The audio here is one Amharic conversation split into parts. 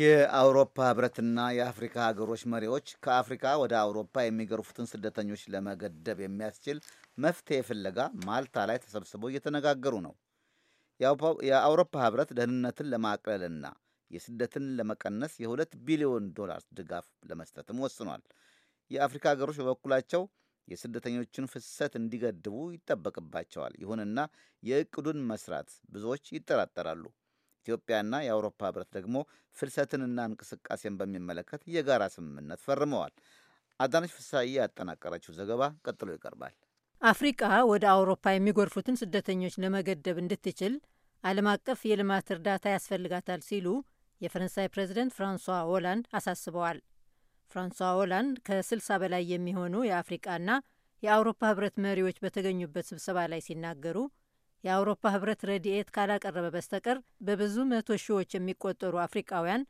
የአውሮፓ ህብረትና የአፍሪካ ሀገሮች መሪዎች ከአፍሪካ ወደ አውሮፓ የሚገርፉትን ስደተኞች ለመገደብ የሚያስችል መፍትሄ ፍለጋ ማልታ ላይ ተሰብስበው እየተነጋገሩ ነው። የአውሮፓ ህብረት ደህንነትን ለማቅለልና የስደትን ለመቀነስ የሁለት ቢሊዮን ዶላር ድጋፍ ለመስጠትም ወስኗል። የአፍሪካ ሀገሮች በበኩላቸው የስደተኞችን ፍሰት እንዲገድቡ ይጠበቅባቸዋል። ይሁንና የእቅዱን መስራት ብዙዎች ይጠራጠራሉ። ኢትዮጵያና የአውሮፓ ህብረት ደግሞ ፍልሰትንና እንቅስቃሴን በሚመለከት የጋራ ስምምነት ፈርመዋል። አዳነች ፍሳዬ ያጠናቀረችው ዘገባ ቀጥሎ ይቀርባል። አፍሪቃ ወደ አውሮፓ የሚጎርፉትን ስደተኞች ለመገደብ እንድትችል ዓለም አቀፍ የልማት እርዳታ ያስፈልጋታል ሲሉ የፈረንሳይ ፕሬዚደንት ፍራንሷ ሆላንድ አሳስበዋል። ፍራንሷ ሆላንድ ከ60 በላይ የሚሆኑ የአፍሪቃና የአውሮፓ ህብረት መሪዎች በተገኙበት ስብሰባ ላይ ሲናገሩ የአውሮፓ ህብረት ረድኤት ካላቀረበ በስተቀር በብዙ መቶ ሺዎች የሚቆጠሩ አፍሪቃውያን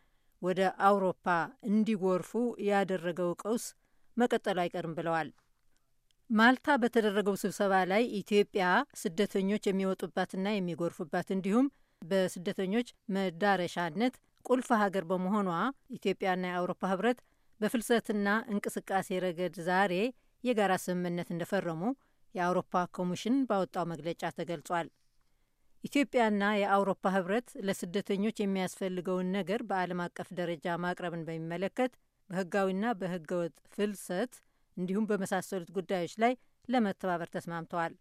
ወደ አውሮፓ እንዲጎርፉ ያደረገው ቀውስ መቀጠሉ አይቀርም ብለዋል። ማልታ በተደረገው ስብሰባ ላይ ኢትዮጵያ ስደተኞች የሚወጡባትና የሚጎርፉባት እንዲሁም በስደተኞች መዳረሻነት ቁልፍ ሀገር በመሆኗ ኢትዮጵያና የአውሮፓ ህብረት በፍልሰትና እንቅስቃሴ ረገድ ዛሬ የጋራ ስምምነት እንደፈረሙ የአውሮፓ ኮሚሽን ባወጣው መግለጫ ተገልጿል። ኢትዮጵያና የአውሮፓ ህብረት ለስደተኞች የሚያስፈልገውን ነገር በዓለም አቀፍ ደረጃ ማቅረብን በሚመለከት በህጋዊና በህገወጥ ፍልሰት እንዲሁም በመሳሰሉት ጉዳዮች ላይ ለመተባበር ተስማምተዋል።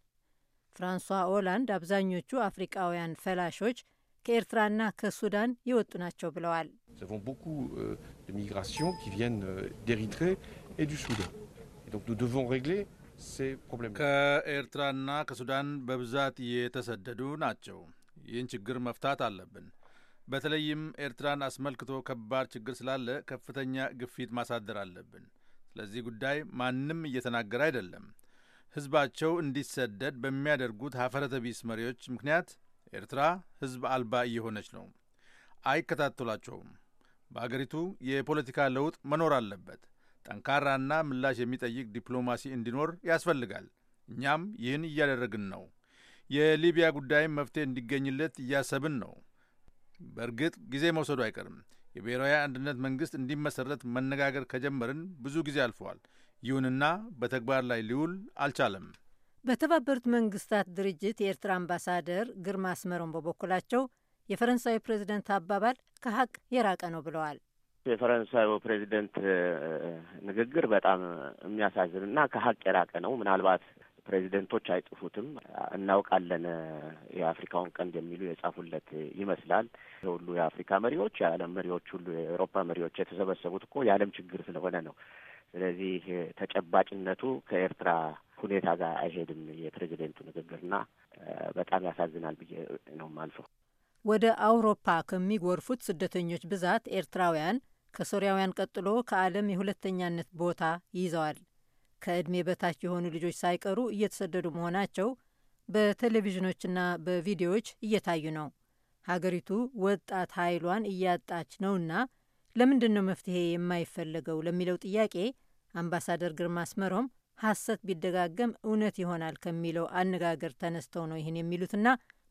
ፍራንሷ ኦላንድ አብዛኞቹ አፍሪቃውያን ፈላሾች ከኤርትራና ከሱዳን የወጡ ናቸው ብለዋል። ሚግራሲዮን ቪን ዱ ሱዳን ከኤርትራና ከሱዳን በብዛት የተሰደዱ ናቸው። ይህን ችግር መፍታት አለብን። በተለይም ኤርትራን አስመልክቶ ከባድ ችግር ስላለ ከፍተኛ ግፊት ማሳደር አለብን። ስለዚህ ጉዳይ ማንም እየተናገረ አይደለም። ሕዝባቸው እንዲሰደድ በሚያደርጉት ሀፈረተቢስ መሪዎች ምክንያት ኤርትራ ሕዝብ አልባ እየሆነች ነው። አይከታተሏቸውም። በአገሪቱ የፖለቲካ ለውጥ መኖር አለበት። ጠንካራና ምላሽ የሚጠይቅ ዲፕሎማሲ እንዲኖር ያስፈልጋል። እኛም ይህን እያደረግን ነው። የሊቢያ ጉዳይም መፍትሄ እንዲገኝለት እያሰብን ነው። በእርግጥ ጊዜ መውሰዱ አይቀርም። የብሔራዊ አንድነት መንግሥት እንዲመሰረት መነጋገር ከጀመርን ብዙ ጊዜ አልፈዋል። ይሁንና በተግባር ላይ ሊውል አልቻለም። በተባበሩት መንግስታት ድርጅት የኤርትራ አምባሳደር ግርማ አስመሮም በበኩላቸው የፈረንሳዊ ፕሬዚደንት አባባል ከሀቅ የራቀ ነው ብለዋል። የፈረንሳዩ ፕሬዚደንት ንግግር በጣም የሚያሳዝን እና ከሀቅ የራቀ ነው። ምናልባት ፕሬዚደንቶች አይጽፉትም፣ እናውቃለን የአፍሪካውን ቀንድ የሚሉ የጻፉለት ይመስላል። ሁሉ የአፍሪካ መሪዎች፣ የዓለም መሪዎች ሁሉ የአውሮፓ መሪዎች የተሰበሰቡት እኮ የዓለም ችግር ስለሆነ ነው። ስለዚህ ተጨባጭነቱ ከኤርትራ ሁኔታ ጋር አይሄድም የፕሬዚደንቱ ንግግርና በጣም ያሳዝናል ብዬ ነው ማልፈው። ወደ አውሮፓ ከሚጎርፉት ስደተኞች ብዛት ኤርትራውያን ከሶሪያውያን ቀጥሎ ከዓለም የሁለተኛነት ቦታ ይዘዋል። ከዕድሜ በታች የሆኑ ልጆች ሳይቀሩ እየተሰደዱ መሆናቸው በቴሌቪዥኖችና በቪዲዮዎች እየታዩ ነው። ሀገሪቱ ወጣት ኃይሏን እያጣች ነውና ለምንድን ነው መፍትሄ የማይፈለገው ለሚለው ጥያቄ አምባሳደር ግርማ አስመሮም ሐሰት ቢደጋገም እውነት ይሆናል ከሚለው አነጋገር ተነስተው ነው ይህን የሚሉትና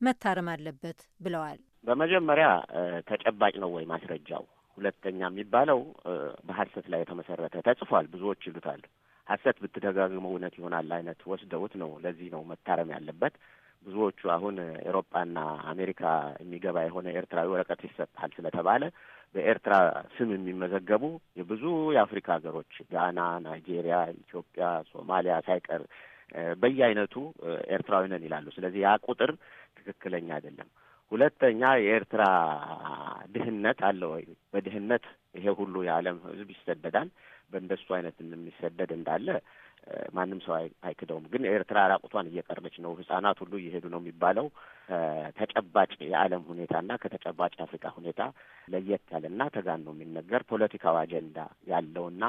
መታረም አለበት ብለዋል። በመጀመሪያ ተጨባጭ ነው ወይ ማስረጃው? ሁለተኛ የሚባለው በሀሰት ላይ የተመሰረተ ተጽፏል። ብዙዎች ይሉታል ሀሰት ብትደጋግመው እውነት ይሆናል አይነት ወስደውት ነው። ለዚህ ነው መታረም ያለበት። ብዙዎቹ አሁን ኤሮፓና አሜሪካ የሚገባ የሆነ ኤርትራዊ ወረቀት ይሰጣል ስለተባለ በኤርትራ ስም የሚመዘገቡ የብዙ የአፍሪካ ሀገሮች ጋና፣ ናይጄሪያ፣ ኢትዮጵያ፣ ሶማሊያ ሳይቀር በየአይነቱ ኤርትራዊ ነን ይላሉ። ስለዚህ ያ ቁጥር ትክክለኛ አይደለም። ሁለተኛ የኤርትራ ድህነት አለ ወይ? በድህነት ይሄ ሁሉ የዓለም ህዝብ ይሰደዳል። በእንደሱ አይነት የሚሰደድ እንዳለ ማንም ሰው አይክደውም። ግን ኤርትራ ራቁቷን እየቀረች ነው። ህጻናት ሁሉ እየሄዱ ነው የሚባለው ተጨባጭ የዓለም ሁኔታና ከተጨባጭ የአፍሪካ ሁኔታ ለየት ያለና ነው የሚነገር ፖለቲካው አጀንዳ ያለውና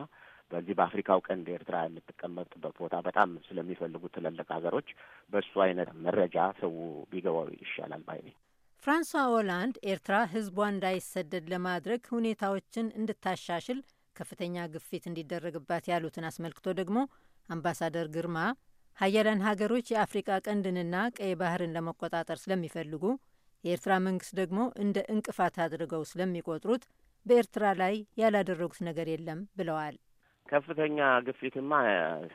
በዚህ በአፍሪካው ቀንድ ኤርትራ የምትቀመጥበት ቦታ በጣም ስለሚፈልጉ ትልልቅ ሀገሮች በእሱ አይነት መረጃ ሰው ቢገባው ይሻላል ባይ ነኝ። ፍራንሷ ኦላንድ ኤርትራ ህዝቧ እንዳይሰደድ ለማድረግ ሁኔታዎችን እንድታሻሽል ከፍተኛ ግፊት እንዲደረግባት ያሉትን አስመልክቶ ደግሞ አምባሳደር ግርማ ሀያላን ሀገሮች የአፍሪቃ ቀንድንና ቀይ ባህርን ለመቆጣጠር ስለሚፈልጉ የኤርትራ መንግስት ደግሞ እንደ እንቅፋት አድርገው ስለሚቆጥሩት በኤርትራ ላይ ያላደረጉት ነገር የለም ብለዋል። ከፍተኛ ግፊትማ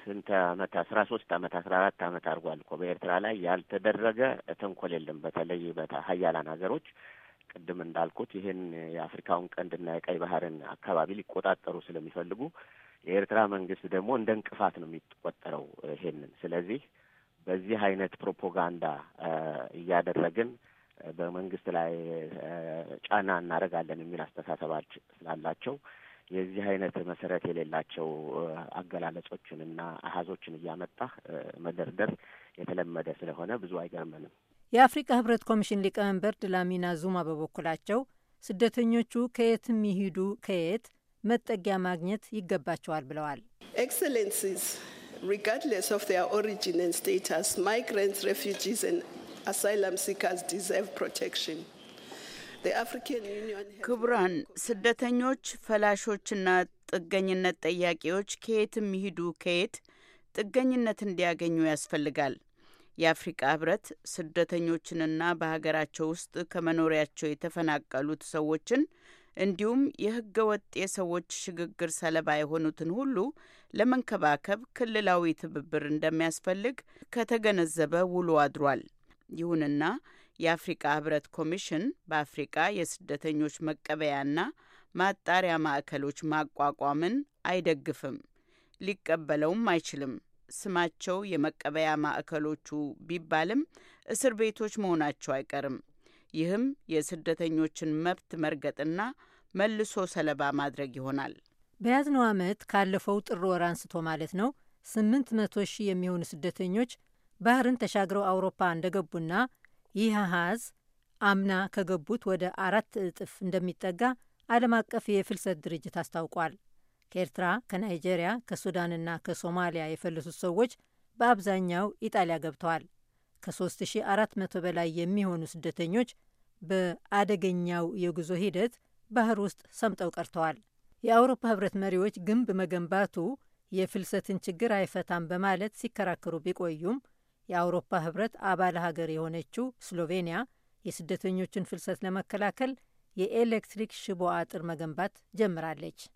ስንት አመት አስራ ሶስት አመት አስራ አራት አመት አድርጓል እኮ በኤርትራ ላይ ያልተደረገ ተንኮል የለም። በተለይ በሀያላን ሀገሮች ቅድም እንዳልኩት ይህን የአፍሪካውን ቀንድና የቀይ ባህርን አካባቢ ሊቆጣጠሩ ስለሚፈልጉ የኤርትራ መንግስት ደግሞ እንደ እንቅፋት ነው የሚቆጠረው ይሄንን። ስለዚህ በዚህ አይነት ፕሮፓጋንዳ እያደረግን በመንግስት ላይ ጫና እናደርጋለን የሚል አስተሳሰባች ስላላቸው የዚህ አይነት መሰረት የሌላቸው አገላለጾችንና አሀዞችን እያመጣ መደርደር የተለመደ ስለሆነ ብዙ አይገርመንም። የአፍሪካ ህብረት ኮሚሽን ሊቀመንበር ድላሚና ዙማ በበኩላቸው ስደተኞቹ ከየትም ይሂዱ ከየት መጠጊያ ማግኘት ይገባቸዋል ብለዋል። ኤክሰለንሲስ ሪጋርድለስ ኦፍ ኦሪጂን ኤንድ ማይግራንት ማይግራንትስ ሬፊጂስ አሳይለም ሲከርስ ዲዘርቭ ፕሮቴክሽን ክቡራን ስደተኞች፣ ፈላሾችና ጥገኝነት ጠያቂዎች ከየትም ይሂዱ ከየት ጥገኝነት እንዲያገኙ ያስፈልጋል። የአፍሪቃ ህብረት ስደተኞችንና በሀገራቸው ውስጥ ከመኖሪያቸው የተፈናቀሉት ሰዎችን እንዲሁም የህገ ወጥ የሰዎች ሽግግር ሰለባ የሆኑትን ሁሉ ለመንከባከብ ክልላዊ ትብብር እንደሚያስፈልግ ከተገነዘበ ውሎ አድሯል። ይሁንና የአፍሪቃ ህብረት ኮሚሽን በአፍሪቃ የስደተኞች መቀበያና ማጣሪያ ማዕከሎች ማቋቋምን አይደግፍም፣ ሊቀበለውም አይችልም። ስማቸው የመቀበያ ማዕከሎቹ ቢባልም እስር ቤቶች መሆናቸው አይቀርም። ይህም የስደተኞችን መብት መርገጥና መልሶ ሰለባ ማድረግ ይሆናል። በያዝነው ዓመት ካለፈው ጥር ወር አንስቶ ማለት ነው ስምንት መቶ ሺህ የሚሆኑ ስደተኞች ባህርን ተሻግረው አውሮፓ እንደገቡና ይህ አሃዝ አምና ከገቡት ወደ አራት እጥፍ እንደሚጠጋ ዓለም አቀፍ የፍልሰት ድርጅት አስታውቋል። ከኤርትራ፣ ከናይጄሪያ፣ ከሱዳንና ከሶማሊያ የፈለሱት ሰዎች በአብዛኛው ኢጣሊያ ገብተዋል። ከ3400 በላይ የሚሆኑ ስደተኞች በአደገኛው የጉዞ ሂደት ባህር ውስጥ ሰምጠው ቀርተዋል። የአውሮፓ ህብረት መሪዎች ግንብ መገንባቱ የፍልሰትን ችግር አይፈታም በማለት ሲከራከሩ ቢቆዩም የአውሮፓ ህብረት አባል ሀገር የሆነችው ስሎቬኒያ የስደተኞችን ፍልሰት ለመከላከል የኤሌክትሪክ ሽቦ አጥር መገንባት ጀምራለች።